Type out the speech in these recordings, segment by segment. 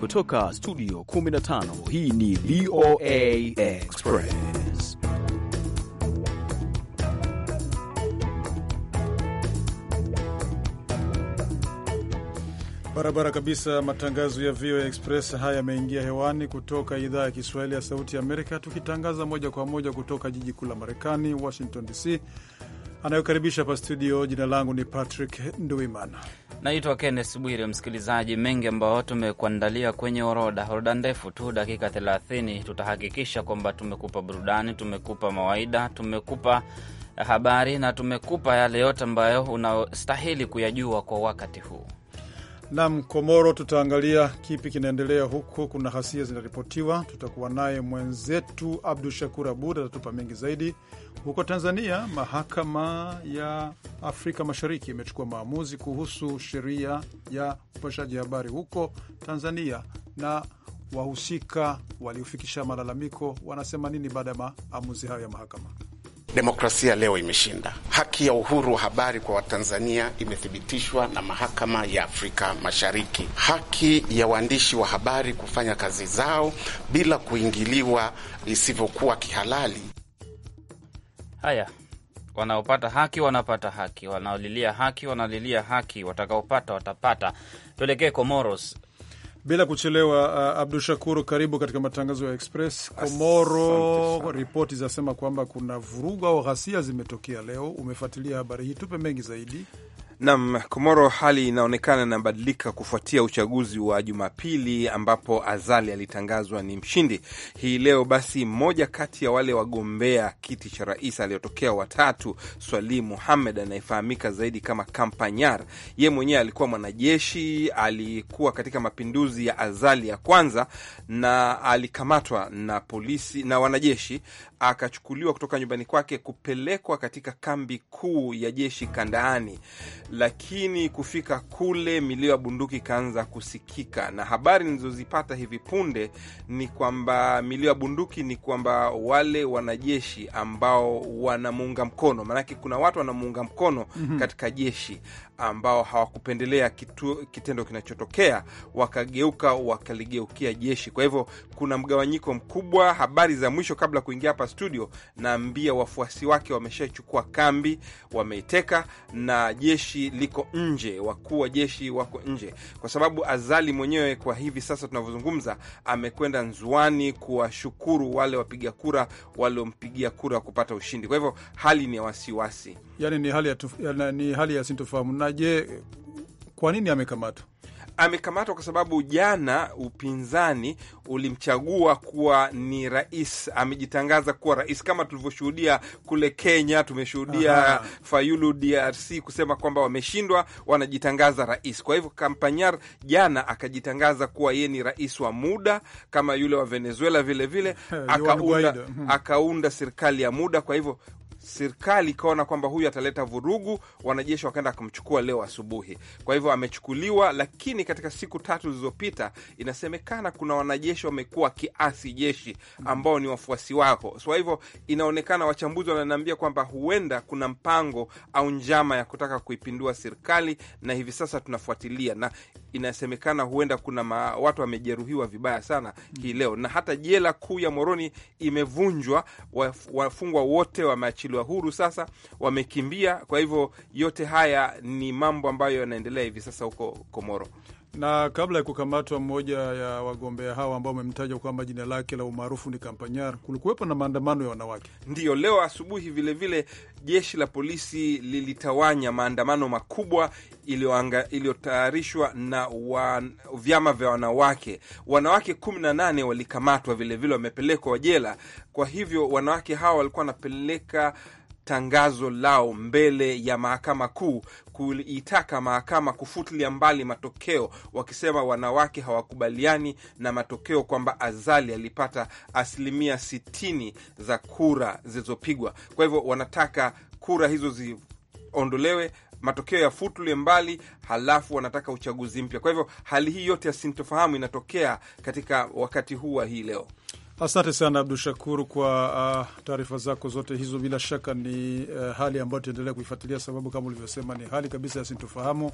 Kutoka studio 15 hii ni VOA Express. Barabara kabisa, matangazo ya VOA Express haya yameingia hewani kutoka idhaa ya Kiswahili ya Sauti ya Amerika, tukitangaza moja kwa moja kutoka jiji kuu la Marekani, Washington DC. Anayokaribisha hapa studio, jina langu ni Patrick Nduimana Naitwa Kennes Bwire. Msikilizaji, mengi ambayo tumekuandalia kwenye orodha, orodha ndefu tu, dakika thelathini, Tutahakikisha kwamba tumekupa burudani, tumekupa mawaida, tumekupa habari na tumekupa yale yote ambayo unastahili kuyajua kwa wakati huu. Nam Komoro, tutaangalia kipi kinaendelea huko. Kuna hasia zinaripotiwa, tutakuwa naye mwenzetu Abdu Shakur Abud atatupa mengi zaidi. Huko Tanzania, mahakama ya Afrika Mashariki imechukua maamuzi kuhusu sheria ya upashaji habari huko Tanzania, na wahusika waliofikisha malalamiko wanasema nini baada ya maamuzi hayo ya mahakama? Demokrasia leo imeshinda. Haki ya uhuru wa habari kwa Watanzania imethibitishwa na mahakama ya Afrika Mashariki. Haki ya waandishi wa habari kufanya kazi zao bila kuingiliwa isivyokuwa kihalali. Haya, wanaopata haki wanapata haki, wanaolilia haki wanalilia haki, watakaopata watapata. Tuelekee Komoros. Bila kuchelewa uh, Abdu Shakuru, karibu katika matangazo ya Express. Komoro, ripoti zinasema kwamba kuna vurugu au ghasia zimetokea leo. Umefuatilia habari hii, tupe mengi zaidi. Nam Komoro, hali inaonekana inabadilika kufuatia uchaguzi wa Jumapili ambapo Azali alitangazwa ni mshindi hii leo. Basi mmoja kati ya wale wagombea kiti cha rais aliyotokea watatu, swali Muhamed anayefahamika zaidi kama Kampanyar, ye mwenyewe alikuwa mwanajeshi, alikuwa katika mapinduzi ya Azali ya kwanza na alikamatwa na polisi na wanajeshi, akachukuliwa kutoka nyumbani kwake kupelekwa katika kambi kuu ya jeshi Kandaani lakini kufika kule milio ya bunduki ikaanza kusikika, na habari nilizozipata hivi punde ni kwamba milio ya bunduki ni kwamba wale wanajeshi ambao wanamuunga mkono, maanake kuna watu wanamuunga mkono mm -hmm. katika jeshi ambao hawakupendelea kitendo kinachotokea wakageuka wakaligeukia jeshi. Kwa hivyo kuna mgawanyiko mkubwa. Habari za mwisho kabla kuingia hapa studio, naambia wafuasi wake wameshachukua kambi, wameiteka na jeshi liko nje, wakuu wa jeshi wako nje, kwa sababu Azali mwenyewe kwa hivi sasa tunavyozungumza amekwenda Nzuani kuwashukuru wale wapiga kura waliompigia kura kupata ushindi. Kwa hivyo hali ni ya wasiwasi, yani ni hali ya sintofahamu je, kwa nini amekamatwa? Amekamatwa kwa sababu jana upinzani ulimchagua kuwa ni rais, amejitangaza kuwa rais, kama tulivyoshuhudia kule Kenya. Tumeshuhudia Fayulu DRC kusema kwamba wameshindwa, wanajitangaza rais. Kwa hivyo Kampanyar jana akajitangaza kuwa yeye ni rais wa muda kama yule wa Venezuela vilevile vile, akaunda, akaunda serikali ya muda. Kwa hivyo serikali ikaona kwamba huyu ataleta vurugu, wanajeshi wakaenda kumchukua leo asubuhi. Kwa hivyo amechukuliwa, lakini katika siku tatu zilizopita inasemekana kuna wanajeshi wamekuwa kiasi jeshi ambao ni wafuasi wako. Kwa hivyo inaonekana, wachambuzi wananiambia kwamba huenda kuna mpango au njama ya kutaka kuipindua serikali, na hivi sasa tunafuatilia, na inasemekana huenda kuna ma, watu wamejeruhiwa vibaya sana hii leo, na hata jela kuu ya Moroni imevunjwa, wafungwa wote wameachiliwa wameachiliwa huru sasa, wamekimbia. Kwa hivyo yote haya ni mambo ambayo yanaendelea hivi sasa huko Komoro. Na kabla ya kukamatwa mmoja ya wagombea hawa ambao wamemtaja kwamba jina lake la umaarufu ni Kampanyar, kulikuwepo na maandamano ya wanawake. Ndiyo, leo asubuhi vilevile jeshi la polisi lilitawanya maandamano makubwa iliyotayarishwa na wa, vyama vya wanawake. Wanawake kumi na nane walikamatwa vilevile, wamepelekwa jela. Kwa hivyo wanawake hawa walikuwa wanapeleka tangazo lao mbele ya mahakama kuu kuitaka mahakama kufutilia mbali matokeo, wakisema wanawake hawakubaliani na matokeo kwamba Azali alipata asilimia sitini za kura zilizopigwa. Kwa hivyo wanataka kura hizo ziondolewe, matokeo yafutulwe mbali, halafu wanataka uchaguzi mpya. Kwa hivyo hali hii yote ya sintofahamu inatokea katika wakati huu wa hii leo. Asante sana Abdu shakur kwa uh, taarifa zako zote hizo. Bila shaka ni uh, hali ambayo tuendelea kuifuatilia, sababu kama ulivyosema ni hali kabisa ya sintofahamu.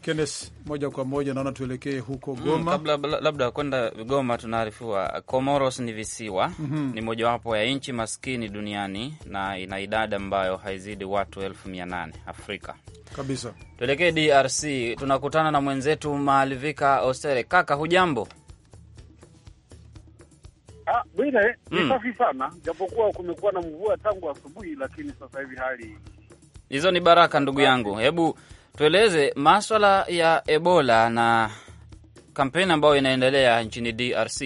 Kenes, moja kwa moja naona tuelekee huko mm, Goma. Mm, kabla labda kwenda Goma, tunaarifiwa Comoros ni visiwa mm -hmm. ni mojawapo ya nchi maskini duniani na ina idadi ambayo haizidi watu elfu mia nane Afrika kabisa. Tuelekee DRC, tunakutana na mwenzetu Maalivika Ostere. Kaka hujambo? Bwire ah, ni mm. safi sana japokuwa kumekuwa na mvua tangu asubuhi, lakini sasa hivi hali hizo ni baraka. Ndugu yangu, hebu tueleze maswala ya Ebola na kampeni ambayo inaendelea nchini DRC.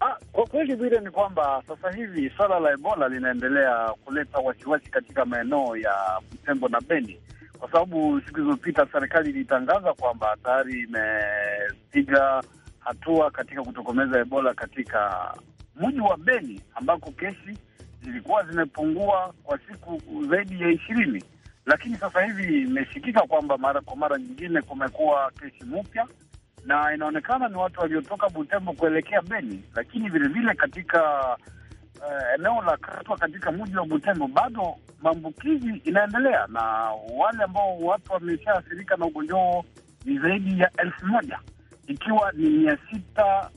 Ah, kwa kweli Bwire ni kwamba sasa hivi swala la Ebola linaendelea kuleta wasiwasi katika maeneo ya Butembo na Beni kwa sababu siku zilizopita serikali ilitangaza kwamba tayari imepiga hatua katika kutokomeza Ebola katika mji wa Beni ambako kesi zilikuwa zimepungua kwa siku zaidi ya ishirini, lakini sasa hivi imesikika kwamba mara kwa mara nyingine kumekuwa kesi mpya, na inaonekana ni watu waliotoka Butembo kuelekea Beni, lakini vilevile katika uh, eneo la Katwa katika mji wa Butembo bado maambukizi inaendelea, na wale ambao watu wameshaathirika na ugonjwa huo ni zaidi ya elfu moja ikiwa ni mia sita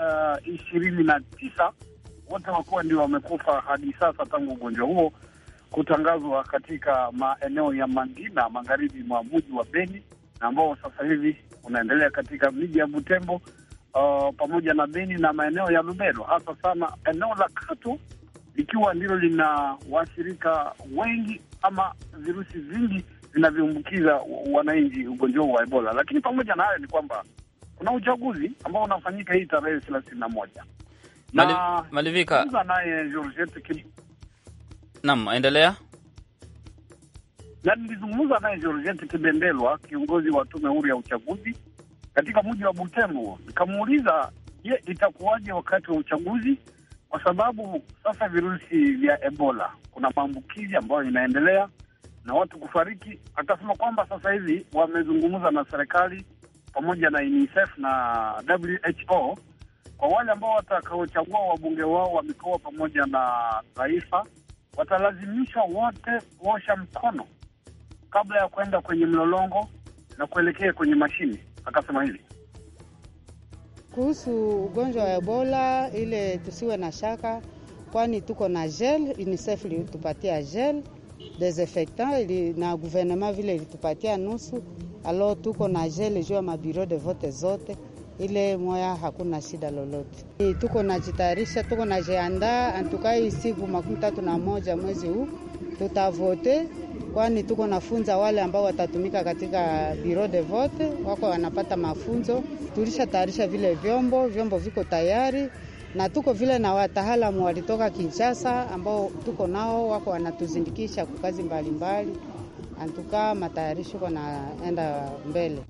uh, ishirini na tisa wote wakuwa ndio wamekufa hadi sasa tangu ugonjwa huo kutangazwa katika maeneo ya Mangina magharibi mwa mji wa Beni na ambao sasa hivi unaendelea katika miji ya Butembo uh, pamoja na Beni na maeneo ya Lubero, hasa sana eneo la katu likiwa ndilo lina washirika wengi ama virusi vingi vinavyoambukiza wananchi ugonjwa wa Ebola. Lakini pamoja na hayo ni kwamba kuna uchaguzi ambao unafanyika hii tarehe thelathini na moja Malivika naye Georgette Kim. Naam, endelea. Na nilizungumza naye Georgette Kibendelwa, kiongozi wa tume huru ya uchaguzi katika mji wa Butembo, nikamuuliza je, itakuwaje wakati wa uchaguzi, kwa sababu sasa virusi vya Ebola kuna maambukizi ambayo inaendelea na watu kufariki. Akasema kwamba sasa hivi wamezungumza na serikali pamoja na UNICEF na WHO kwa wale ambao watakaochagua wabunge wao wa mikoa pamoja na taifa, watalazimishwa wote kuosha mkono kabla ya kwenda kwenye mlolongo na kuelekea kwenye mashine. Akasema hivi kuhusu ugonjwa wa Ebola, ile tusiwe na shaka, kwani tuko na gel. UNICEF ilitupatia gel desinfectant na gouvernement vile ilitupatia nusu alo tuko na gele juu ya mabiro de vote zote ile moya, hakuna shida lolote. Tuko najitayarisha, tuko najiandaa antukai siku makumi tatu na moja mwezi huu tutavote, kwani tuko nafunza wale ambao watatumika katika bureau de vote, wako wanapata mafunzo. Tulishatayarisha vile vyombo, vyombo viko tayari na tuko vile na wataalamu walitoka Kinshasa ambao tuko nao wako wanatuzindikisha kwa kazi mbalimbali mbali antukaa matayarisho kanaenda mbele.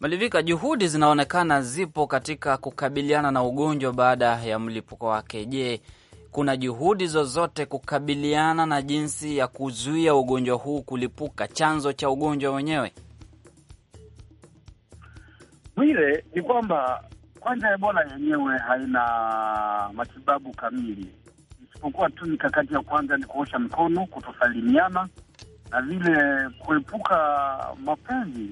Malivika, juhudi zinaonekana zipo katika kukabiliana na ugonjwa baada ya mlipuko wake. Je, kuna juhudi zozote kukabiliana na jinsi ya kuzuia ugonjwa huu kulipuka, chanzo cha ugonjwa wenyewe? mwile ni kwamba kwanza, Ebola yenyewe haina matibabu kamili, isipokuwa tu mikakati ya kwanza ni kuosha mkono, kutosalimiana na vile kuepuka mapenzi,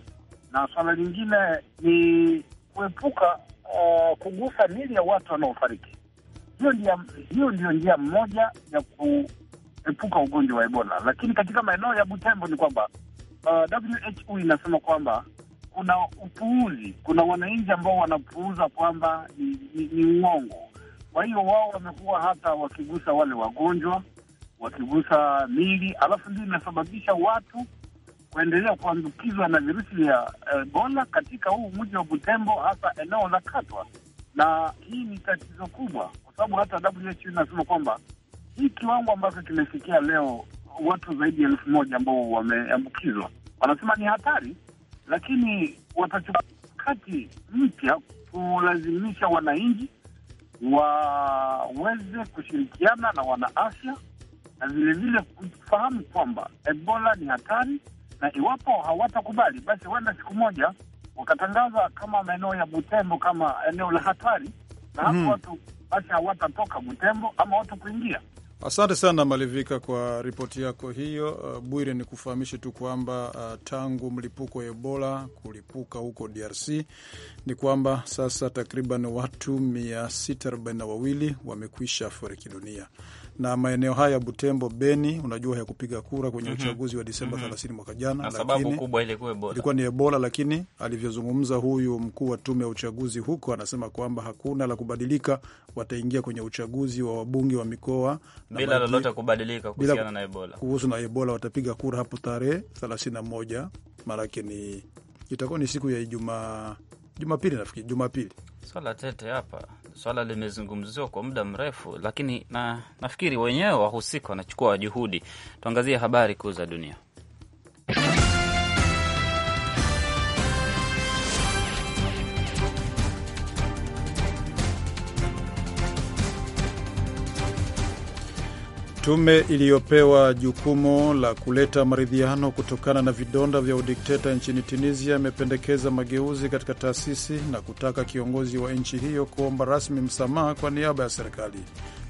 na swala lingine ni kuepuka uh, kugusa mili ya watu wanaofariki. Hiyo ndiyo njia moja ya kuepuka ugonjwa wa Ebola, lakini katika maeneo ya Butembo ni kwamba uh, WHO inasema kwamba kuna upuuzi, kuna wananchi ambao wanapuuza kwamba ni, ni, ni uongo. Kwa hiyo wao wamekuwa hata wakigusa wale wagonjwa wakigusa mili, alafu ndio inasababisha watu kuendelea kuambukizwa na virusi vya Ebola katika huu mji wa Butembo, hasa eneo la Katwa. Na hii ni tatizo kubwa, kwa sababu hata WHO inasema kwamba hii kiwango ambacho kimefikia leo, watu zaidi ya elfu moja ambao wameambukizwa, wanasema ni hatari, lakini watachukua kati mpya kulazimisha wananchi waweze kushirikiana na wanaafya na vilevile kufahamu kwamba Ebola ni hatari, na iwapo hawatakubali basi huenda siku moja wakatangaza kama maeneo ya Butembo kama eneo la hatari, na hapo hmm. watu basi hawatatoka Butembo ama watu kuingia. Asante sana Malivika kwa ripoti yako hiyo. Uh, Bwire, ni kufahamishe tu kwamba uh, tangu mlipuko wa Ebola kulipuka huko DRC ni kwamba sasa takriban watu 642 wamekwisha fariki dunia na maeneo haya Butembo, Beni, unajua ya kupiga kura kwenye mm -hmm. uchaguzi wa Disemba mm -hmm. 30 mwaka jana, lakini kubwa ilikuwa ni Ebola. Lakini alivyozungumza huyu mkuu wa tume ya uchaguzi huko, anasema kwamba hakuna la kubadilika, wataingia kwenye uchaguzi wa wabunge wa mikoa na bila lolote kubadilika kuhusiana na Ebola. Kuhusu na Ebola watapiga kura hapo tarehe 31, maanake ni itakuwa ni siku ya Ijumaa, Jumapili nafikiri, Jumapili swala tete hapa swala limezungumziwa kwa muda mrefu, lakini na, nafikiri wenyewe wahusika wanachukua juhudi. Tuangazie habari kuu za dunia. Tume iliyopewa jukumu la kuleta maridhiano kutokana na vidonda vya udikteta nchini Tunisia imependekeza mageuzi katika taasisi na kutaka kiongozi wa nchi hiyo kuomba rasmi msamaha kwa niaba ya serikali.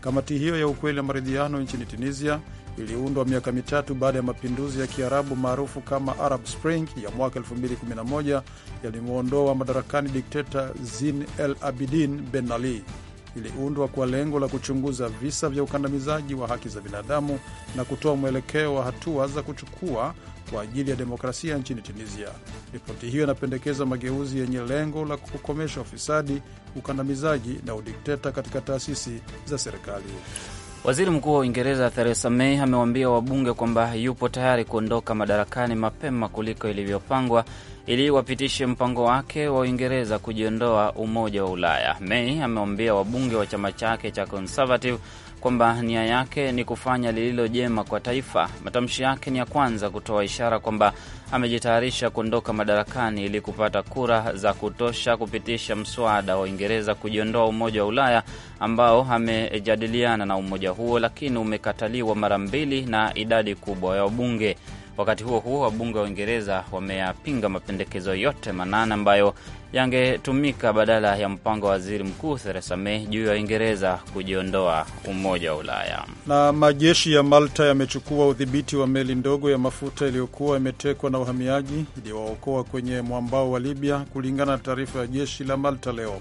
Kamati hiyo ya ukweli na maridhiano nchini Tunisia iliundwa miaka mitatu baada ya mapinduzi ya Kiarabu maarufu kama Arab Spring ya mwaka 2011 yalimwondoa madarakani dikteta Zine El abidin Ben Ali iliundwa kwa lengo la kuchunguza visa vya ukandamizaji wa haki za binadamu na kutoa mwelekeo wa hatua za kuchukua kwa ajili ya demokrasia nchini Tunisia. Ripoti hiyo inapendekeza mageuzi yenye lengo la kukomesha ufisadi, ukandamizaji na udikteta katika taasisi za serikali. Waziri Mkuu wa Uingereza Theresa May amewaambia wabunge kwamba yupo tayari kuondoka madarakani mapema kuliko ilivyopangwa ili wapitishe mpango wake wa Uingereza kujiondoa Umoja wa Ulaya. May amewambia wabunge wa chama chake cha Conservative kwamba nia yake ni kufanya lililo jema kwa taifa. Matamshi yake ni ya kwanza kutoa ishara kwamba amejitayarisha kuondoka madarakani ili kupata kura za kutosha kupitisha mswada wa Uingereza kujiondoa Umoja wa Ulaya ambao amejadiliana na umoja huo, lakini umekataliwa mara mbili na idadi kubwa ya wabunge. Wakati huo huo, wabunge wa Uingereza wameyapinga mapendekezo yote manane ambayo yangetumika badala ya mpango wa waziri mkuu Theresa May juu ya Uingereza kujiondoa Umoja wa Ulaya. Na majeshi ya Malta yamechukua udhibiti wa meli ndogo ya mafuta iliyokuwa imetekwa na wahamiaji iliyowaokoa kwenye mwambao wa Libya, kulingana na taarifa ya jeshi la Malta leo.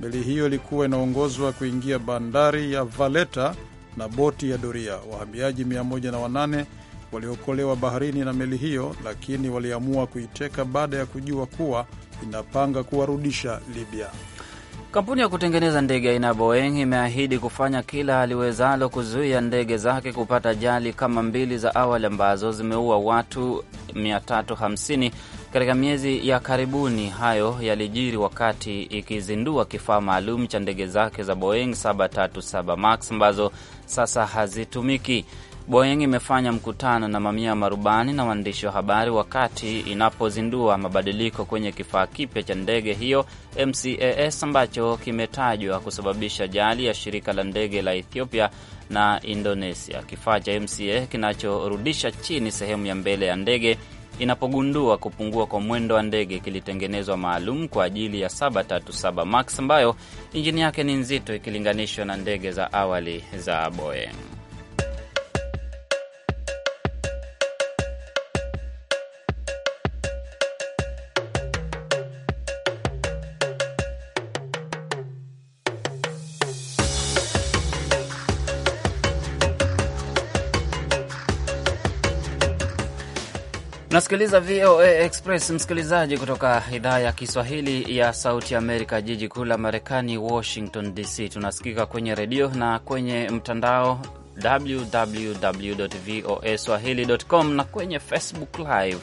Meli hiyo ilikuwa inaongozwa kuingia bandari ya valeta na boti ya doria. Wahamiaji 108 waliokolewa baharini na meli hiyo, lakini waliamua kuiteka baada ya kujua kuwa inapanga kuwarudisha Libya. Kampuni ya kutengeneza ndege aina ya Boeing imeahidi kufanya kila aliwezalo kuzuia ndege zake kupata ajali kama mbili za awali ambazo zimeua watu 350 katika miezi ya karibuni. Hayo yalijiri wakati ikizindua kifaa maalum cha ndege zake za Boeing 737 Max ambazo sasa hazitumiki. Boeing imefanya mkutano na mamia ya marubani na waandishi wa habari wakati inapozindua mabadiliko kwenye kifaa kipya cha ndege hiyo MCAS ambacho kimetajwa kusababisha ajali ya shirika la ndege la Ethiopia na Indonesia. Kifaa cha MCA kinachorudisha chini sehemu ya mbele ya ndege inapogundua kupungua kwa mwendo wa ndege kilitengenezwa maalum kwa ajili ya 737 MAX ambayo injini yake ni nzito ikilinganishwa na ndege za awali za Boeing. Unasikiliza VOA Express, msikilizaji, kutoka idhaa ya Kiswahili ya Sauti Amerika, jiji kuu la Marekani, Washington DC. Tunasikika kwenye redio na kwenye mtandao www voa swahili.com na kwenye Facebook Live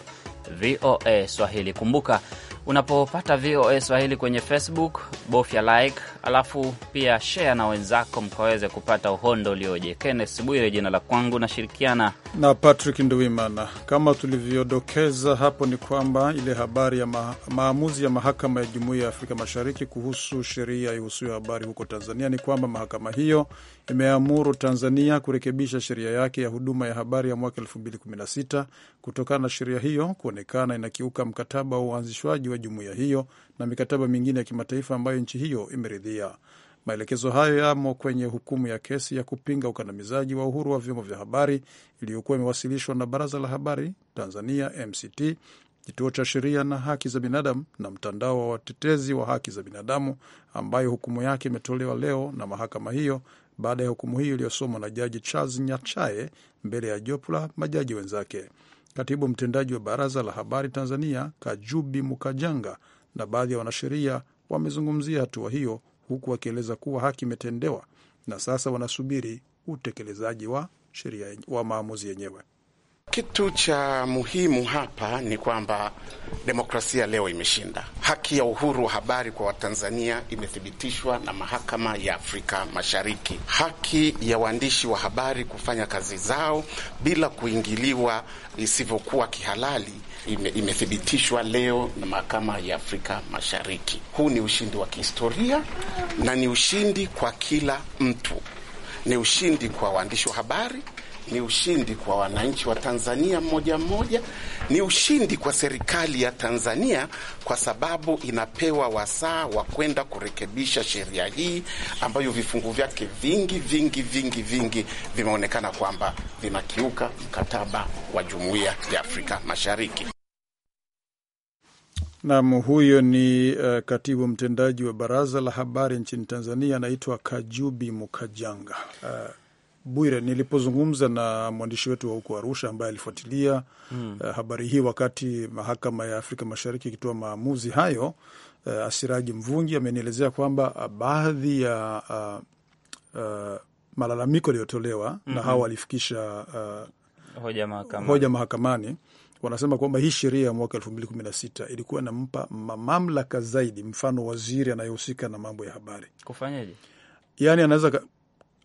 VOA Swahili. Kumbuka, unapopata VOA Swahili kwenye Facebook, bofya like alafu pia share na wenzako mkaweze kupata uhondo ulioje. Kenneth Bwire jina la kwangu, nashirikiana na Patrick nduimana Kama tulivyodokeza hapo, ni kwamba ile habari ya ma maamuzi ya mahakama ya Jumuiya ya Afrika Mashariki kuhusu sheria ihusuyo habari huko Tanzania ni kwamba mahakama hiyo imeamuru Tanzania kurekebisha sheria yake ya huduma ya habari ya mwaka 2016 kutokana na sheria hiyo kuonekana inakiuka mkataba wa uanzishwaji wa jumuiya hiyo na mikataba mingine ya kimataifa ambayo nchi hiyo imeridhia. Maelekezo hayo yamo kwenye hukumu ya kesi ya kupinga ukandamizaji wa uhuru wa vyombo vya habari iliyokuwa imewasilishwa na Baraza la Habari Tanzania, MCT, Kituo cha Sheria na Haki za Binadamu na Mtandao wa Watetezi wa Haki za Binadamu, ambayo hukumu yake imetolewa leo na mahakama hiyo baada ya hukumu hiyo iliyosomwa na Jaji Charles Nyachae mbele ya jopo la majaji wenzake. Katibu mtendaji wa Baraza la Habari Tanzania, Kajubi Mukajanga, na baadhi ya wanasheria wamezungumzia hatua hiyo, huku wakieleza kuwa haki imetendewa na sasa wanasubiri utekelezaji wa sheria wa maamuzi yenyewe. Kitu cha muhimu hapa ni kwamba demokrasia leo imeshinda. Haki ya uhuru wa habari kwa Watanzania imethibitishwa na mahakama ya Afrika Mashariki. Haki ya waandishi wa habari kufanya kazi zao bila kuingiliwa isivyokuwa kihalali ime, imethibitishwa leo na mahakama ya Afrika Mashariki. Huu ni ushindi wa kihistoria na ni ushindi kwa kila mtu, ni ushindi kwa waandishi wa habari ni ushindi kwa wananchi wa Tanzania mmoja mmoja, ni ushindi kwa serikali ya Tanzania kwa sababu inapewa wasaa wa kwenda kurekebisha sheria hii ambayo vifungu vyake vingi vingi vingi vingi vimeonekana kwamba vinakiuka mkataba wa Jumuiya ya Afrika Mashariki. Nam, huyo ni uh, katibu mtendaji wa baraza la habari nchini Tanzania, anaitwa Kajubi Mukajanga uh, Bwire, nilipozungumza na mwandishi wetu wa huko Arusha ambaye alifuatilia mm. uh, habari hii wakati mahakama ya Afrika Mashariki ikitoa maamuzi hayo uh, Asiraji Mvungi amenielezea kwamba eh, baadhi ya uh, uh, malalamiko yaliyotolewa mm -hmm. na hawa walifikisha uh, hoja mahakamani, hoja mahakamani wanasema kwamba hii sheria ya mwaka elfu mbili kumi na sita ilikuwa inampa mamlaka zaidi, mfano waziri anayehusika na mambo ya habari kufanyaje? Yani anaweza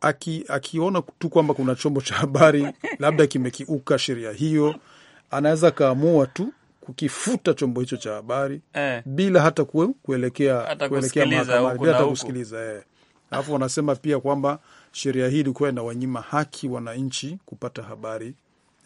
aki, akiona tu kwamba kuna chombo cha habari labda kimekiuka sheria hiyo, anaweza akaamua tu kukifuta chombo hicho cha habari eh, bila hata kue, kuelekea kuelekea mahakamani bila hata kusikiliza eh. Alafu wanasema pia kwamba sheria hii ilikuwa inawanyima haki wananchi kupata habari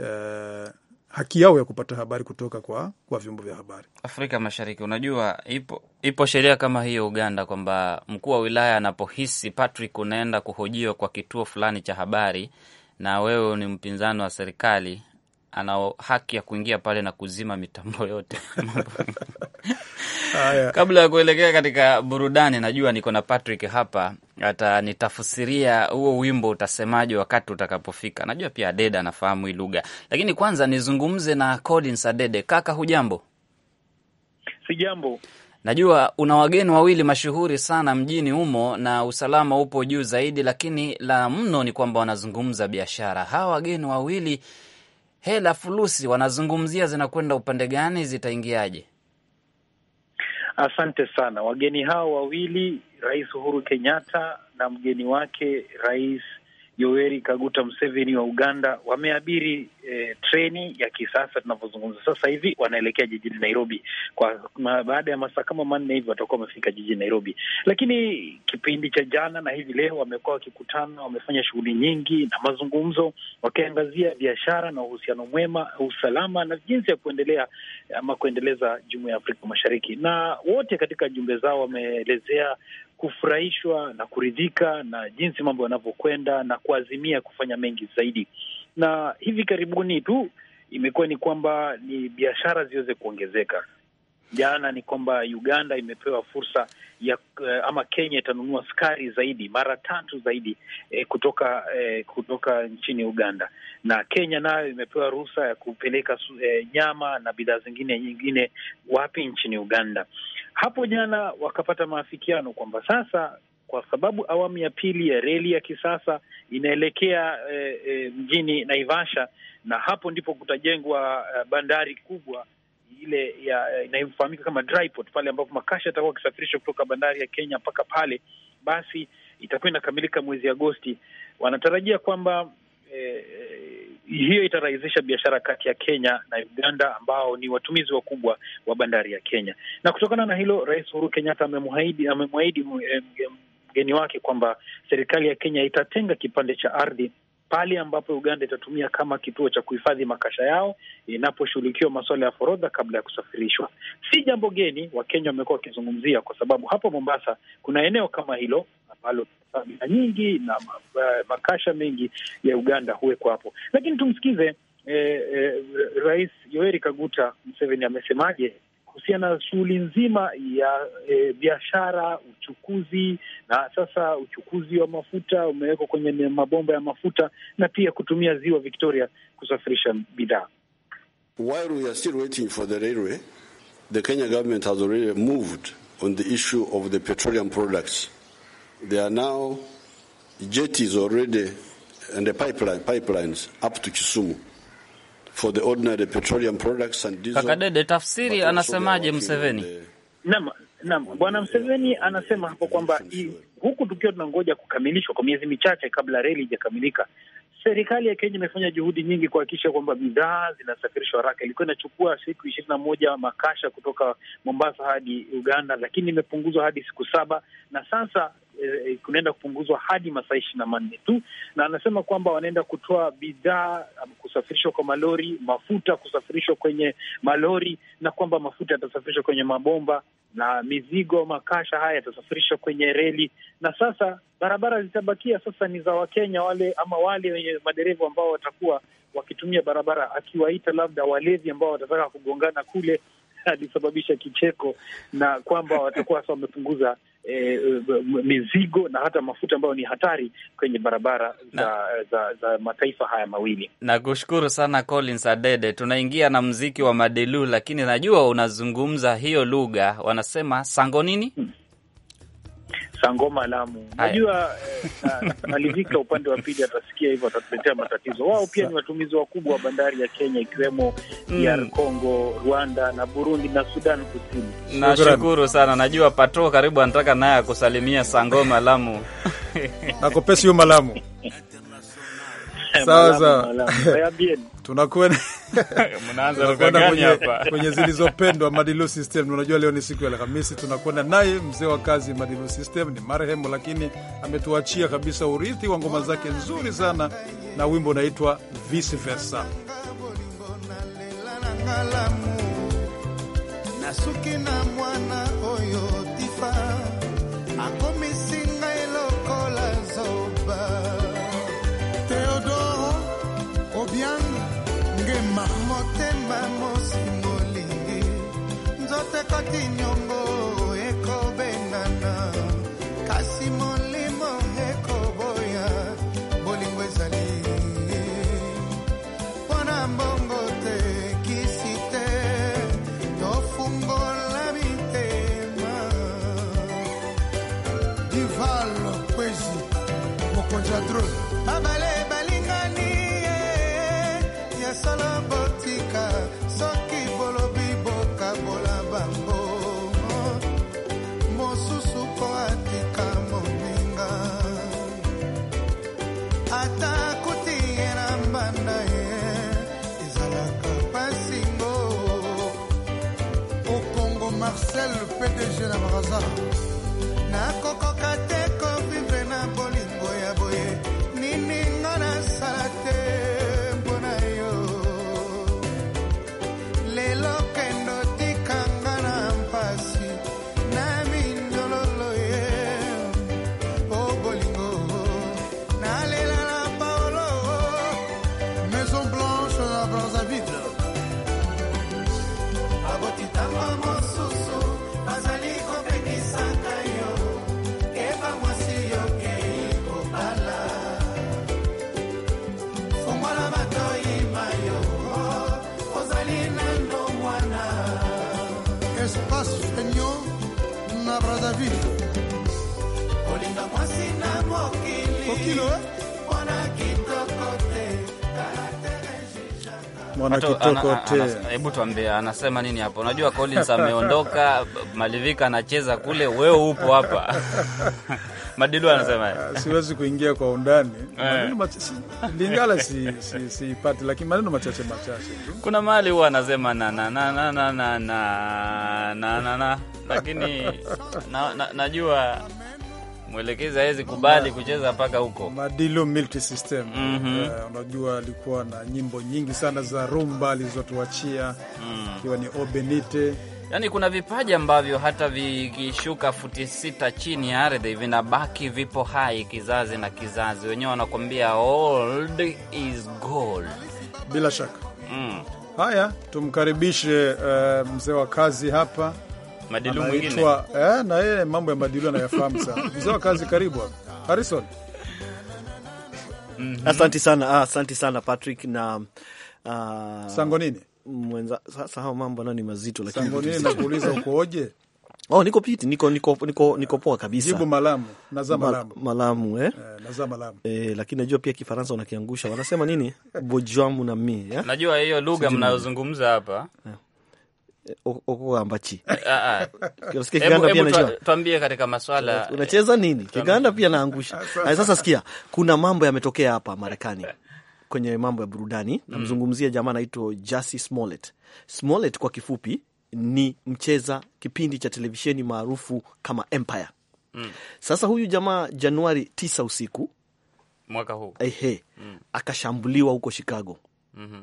eh, haki yao ya kupata habari kutoka kwa, kwa vyombo vya habari. Afrika Mashariki, unajua ipo, ipo sheria kama hiyo Uganda, kwamba mkuu wa wilaya anapohisi Patrick unaenda kuhojiwa kwa kituo fulani cha habari na wewe ni mpinzani wa serikali ana haki ya kuingia pale na kuzima mitambo yote kabla ya kuelekea katika burudani, najua niko na Patrick hapa, hata nitafusiria huo wimbo utasemaje wakati utakapofika. Najua pia Adede anafahamu hii lugha, lakini kwanza nizungumze na Collins Adede. Kaka, hujambo? Sijambo. Najua una wageni wawili mashuhuri sana mjini humo na usalama upo juu zaidi, lakini la mno ni kwamba wanazungumza biashara. Hawa wageni wawili hela fulusi wanazungumzia zinakwenda upande gani, zitaingiaje? Asante sana. Wageni hao wawili, Rais Uhuru Kenyatta na mgeni wake Rais Yoweri Kaguta Museveni wa Uganda wameabiri e, treni ya kisasa tunavyozungumza sasa hivi, wanaelekea jijini Nairobi. Kwa baada ya masaa kama manne hivi watakuwa wamefika jijini Nairobi, lakini kipindi cha jana na hivi leo wamekuwa wakikutana, wamefanya shughuli nyingi na mazungumzo, wakiangazia biashara na uhusiano mwema, usalama na jinsi ya kuendelea ama kuendeleza jumuiya ya Afrika Mashariki, na wote katika jumbe zao wameelezea kufurahishwa na kuridhika na jinsi mambo yanavyokwenda na kuazimia kufanya mengi zaidi. Na hivi karibuni tu imekuwa ni kwamba ni biashara ziweze kuongezeka. Jana ni kwamba Uganda imepewa fursa ya eh, ama Kenya itanunua sukari zaidi mara tatu zaidi e, kutoka e, kutoka nchini Uganda, na Kenya nayo imepewa ruhusa ya kupeleka e, nyama na bidhaa zingine nyingine wapi nchini Uganda. Hapo jana wakapata maafikiano kwamba sasa kwa sababu awamu ya pili ya reli ya kisasa inaelekea eh, eh, mjini Naivasha, na hapo ndipo kutajengwa eh, bandari kubwa ile ya eh, inayofahamika kama dry port, pale ambapo makasha yatakuwa akisafirishwa kutoka bandari ya Kenya mpaka pale, basi itakuwa inakamilika mwezi Agosti. Wanatarajia kwamba eh, hiyo itarahisisha biashara kati ya Kenya na Uganda ambao ni watumizi wakubwa wa bandari ya Kenya. Na kutokana na hilo, Rais Uhuru Kenyatta amemwahidi eh, eh, mgeni wake kwamba serikali ya Kenya itatenga kipande cha ardhi pale ambapo Uganda itatumia kama kituo cha kuhifadhi makasha yao inaposhughulikiwa masuala ya forodha kabla ya kusafirishwa. Si jambo geni, Wakenya wamekuwa wakizungumzia, kwa sababu hapa Mombasa kuna eneo kama hilo ambalo mina nyingi na eh, makasha mengi ya Uganda huwekwa hapo, lakini tumsikize eh, eh, Rais Yoweri Kaguta Museveni amesemaje kuhusiana na shughuli nzima ya e, biashara, uchukuzi na sasa uchukuzi wa mafuta umewekwa kwenye mabomba ya mafuta na pia kutumia ziwa Victoria kusafirisha bidhaa. While we are still waiting for the railway, the Kenya government has already moved on the issue of the petroleum products There are now jetties already and the pipeline, pipelines up to Kisumu. For the ordinary petroleum products and diesel. Kakadede, tafsiri anasemaje Mseveni? Naam, naam, Bwana Mseveni anasema hapo kwamba huku tukiwa tunangoja kukamilishwa kwa miezi michache kabla reli ijakamilika, serikali ya Kenya imefanya juhudi nyingi kuhakikisha kwamba bidhaa zinasafirishwa haraka. Ilikuwa inachukua siku ishirini na moja makasha kutoka Mombasa hadi Uganda, lakini imepunguzwa hadi siku saba, na sasa Eh, eh, kunaenda kupunguzwa hadi masaa ishirini na manne tu, na anasema kwamba wanaenda kutoa bidhaa um, kusafirishwa kwa malori, mafuta kusafirishwa kwenye malori, na kwamba mafuta yatasafirishwa kwenye mabomba na mizigo makasha haya yatasafirishwa kwenye reli, na sasa barabara zitabakia sasa ni za Wakenya wale ama wale wenye madereva ambao watakuwa wakitumia barabara, akiwaita labda walevi ambao watataka kugongana kule alisababisha kicheko na kwamba watakuwa sasa wamepunguza E, mizigo na hata mafuta ambayo ni hatari kwenye barabara za, za, za mataifa haya mawili. Nakushukuru sana Collins Adede. Tunaingia na mziki wa madeluu lakini najua unazungumza hiyo lugha, wanasema sango nini? hmm. Sangoma Lamu, najua eh, malizika upande wa pili atasikia hivyo, atatuletea matatizo. Wao pia ni watumizi wakubwa wa bandari ya Kenya, ikiwemo mm. DR Congo, Rwanda na Burundi na Sudan Kusini. Nashukuru sana, najua Pato karibu anataka naye akusalimia Sangoma Lamu nakopesi yuma Lamu sawa sawa, tunakwenda kwenye zilizopendwa Madilu System. Unajua leo ni siku ya Alhamisi, tunakwenda naye mzee wa kazi Madilu System. Ni marehemu, lakini ametuachia kabisa urithi wa ngoma zake nzuri sana, na wimbo unaitwa vice versa na suki na mwana oyo tifa mama motema mosimolingi nzoto ekoti nyongo hebu tuambie anasema nini hapo. Unajua Collins ameondoka, Malivika anacheza kule, wewe upo hapa Madilu anasema siwezi kuingia kwa undani Lingala siipati si, si, lakini maneno machache machache Kuna mahali huwa anasema na na na na na na na na lakini na, na, najua mwelekezi hawezi kubali kucheza mpaka huko Madilu Multi System. mm -hmm. Uh, unajua alikuwa na nyimbo nyingi sana za rumba alizotuachia mm. ikiwa mm. ni Obenite Yaani kuna vipaji ambavyo hata vikishuka futi sita chini ya ardhi vinabaki vipo hai kizazi na kizazi, wenyewe wanakuambia old is gold. Bila shaka mm. Haya, tumkaribishe uh, mzee wa kazi hapa madilu mwingine eh, na yeye mambo ya madilu anayafahamu sana. Mzee wa kazi, karibu Harrison. mm -hmm. Asante sana, ah, asante sana Patrick na uh, Sangonini mwenza. Sasa hao mambo nao ni mazito, lakini Sangonini nakuuliza ukoje? Oh, niko piti, niko niko niko niko poa kabisa. Jibu Malamu, naza Malamu. Malamu eh? Eh, naza Malamu. Eh, lakini najua pia Kifaransa unakiangusha. Wanasema nini? Bojuamu na mimi, eh? Najua hiyo lugha mnayozungumza hapa. Eh ambachi ah, ah. tuambie, katika maswala unacheza nini? Kiganda pia naangusha. Sasa sikia, kuna mambo yametokea hapa Marekani kwenye mambo ya burudani. Mm. Namzungumzia jamaa anaitwa Jussie Smollett. Smollett kwa kifupi ni mcheza kipindi cha televisheni maarufu kama Empire. Mm. Sasa huyu jamaa Januari t usiku mwaka huu ehe, mm. akashambuliwa huko Chicago. mm -hmm.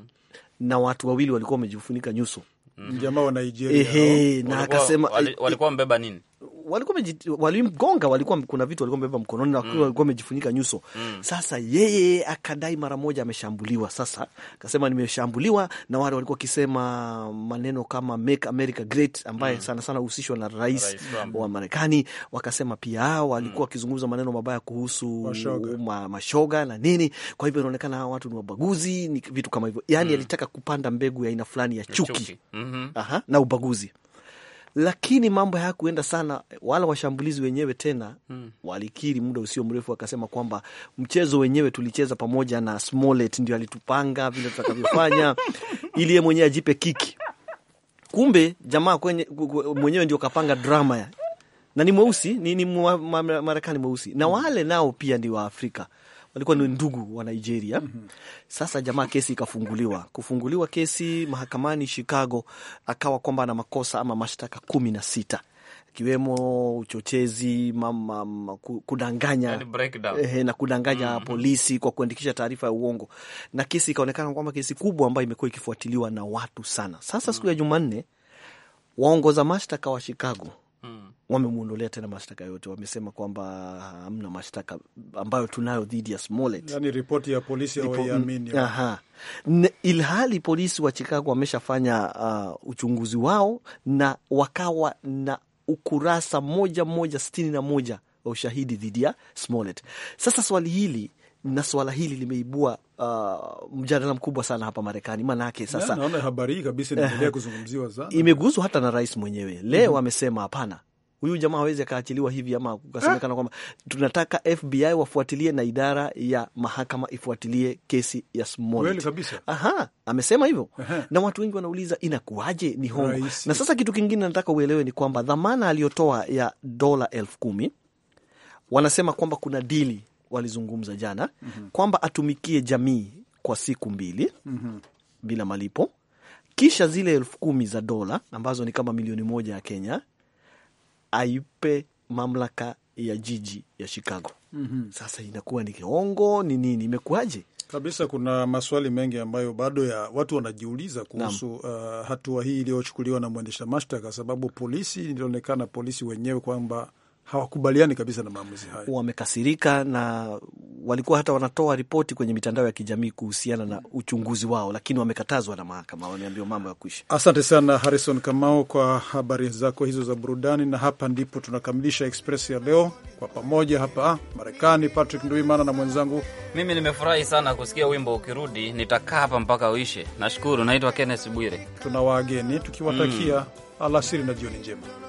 na watu wawili walikuwa wamejifunika nyuso jamaa wa Nigeria, na akasema walikuwa wamebeba nini walikuwa walimgonga, walikuwa kuna vitu walikuwa wamebeba mkononi na mm. walikuwa wamejifunika nyuso mm. Sasa yeye akadai mara moja ameshambuliwa. Sasa akasema nimeshambuliwa, na wale walikuwa wakisema maneno kama Make America Great ambaye mm. sana sana huhusishwa na rais mm. wa Marekani. Wakasema pia walikuwa mm. wakizungumza maneno mabaya kuhusu mashoga, mashoga na nini. Kwa hivyo inaonekana hawa watu ni wabaguzi, ni vitu kama hivyo yani mm. alitaka kupanda mbegu ya aina fulani ya chuki, chuki. Mm -hmm. Aha, na ubaguzi lakini mambo hayakuenda sana, wala washambulizi wenyewe tena hmm, walikiri muda usio mrefu, wakasema kwamba mchezo wenyewe tulicheza pamoja na Smollett, ndio alitupanga vile tutakavyofanya ili ye mwenyewe ajipe kiki. Kumbe jamaa kwenye, mwenyewe ndio kapanga drama ya na ni mweusi ni, ni Marekani mweusi na wale nao pia ndio Waafrika walikuwa ni ndugu wa Nigeria. Sasa jamaa, kesi ikafunguliwa, kufunguliwa kesi mahakamani Chicago, akawa kwamba ana makosa ama mashtaka kumi na sita ikiwemo uchochezi mama, mama, kudanganya eh, na kudanganya mm -hmm. polisi kwa kuandikisha taarifa ya uongo, na kesi ikaonekana kwamba kesi kubwa ambayo imekuwa ikifuatiliwa na watu sana. Sasa siku ya mm-hmm. Jumanne waongoza mashtaka wa Chicago wamemwondolea tena mashtaka yote. Wamesema kwamba hamna mashtaka ambayo tunayo dhidi ya Smollett, yani ripoti ya polisi hawaiamini. Mm, aha, ilhali polisi wa Chicago wameshafanya uh, uchunguzi wao na wakawa na ukurasa moja moja sitini na moja wa ushahidi dhidi ya Smollett. Sasa swali hili na swala hili limeibua uh, mjadala mkubwa sana hapa Marekani. Maanake sasa naona habari hii kabisa inaendelea kuzungumziwa sana, imeguzwa hata na rais mwenyewe leo. mm -hmm. Amesema hapana, huyu jamaa hawezi akaachiliwa hivi ama kukasemekana ah. kwamba tunataka FBI wafuatilie na idara ya mahakama ifuatilie kesi ya Smollett. Aha, amesema hivyo. Na watu wengi wanauliza inakuwaje? Ni hongo. Na sasa kitu kingine nataka uelewe ni kwamba dhamana aliyotoa ya dola elfu kumi wanasema kwamba kuna dili walizungumza jana mm -hmm. kwamba atumikie jamii kwa siku mbili mm -hmm. bila malipo kisha zile elfu kumi za dola ambazo ni kama milioni moja ya Kenya aipe mamlaka ya jiji ya Chicago. mm -hmm. Sasa inakuwa ni kiongo, ni nini, imekuwaje? Kabisa, kuna maswali mengi ambayo bado ya watu wanajiuliza kuhusu uh, hatua hii iliyochukuliwa na mwendesha mashtaka, sababu polisi ilionekana polisi wenyewe kwamba hawakubaliani kabisa na maamuzi hayo, wamekasirika na walikuwa hata wanatoa ripoti kwenye mitandao ya kijamii kuhusiana na uchunguzi wao, lakini wamekatazwa na mahakama, wameambiwa mambo ya kuisha. Asante sana Harrison Kamau kwa habari zako hizo za burudani, na hapa ndipo tunakamilisha Express ya leo kwa pamoja hapa Marekani. Patrick Nduimana na mwenzangu mimi, nimefurahi sana kusikia wimbo ukirudi, nitakaa hapa mpaka uishe. Nashukuru, naitwa Kenneth Bwire. Tuna wageni tukiwatakia mm, alasiri na jioni njema.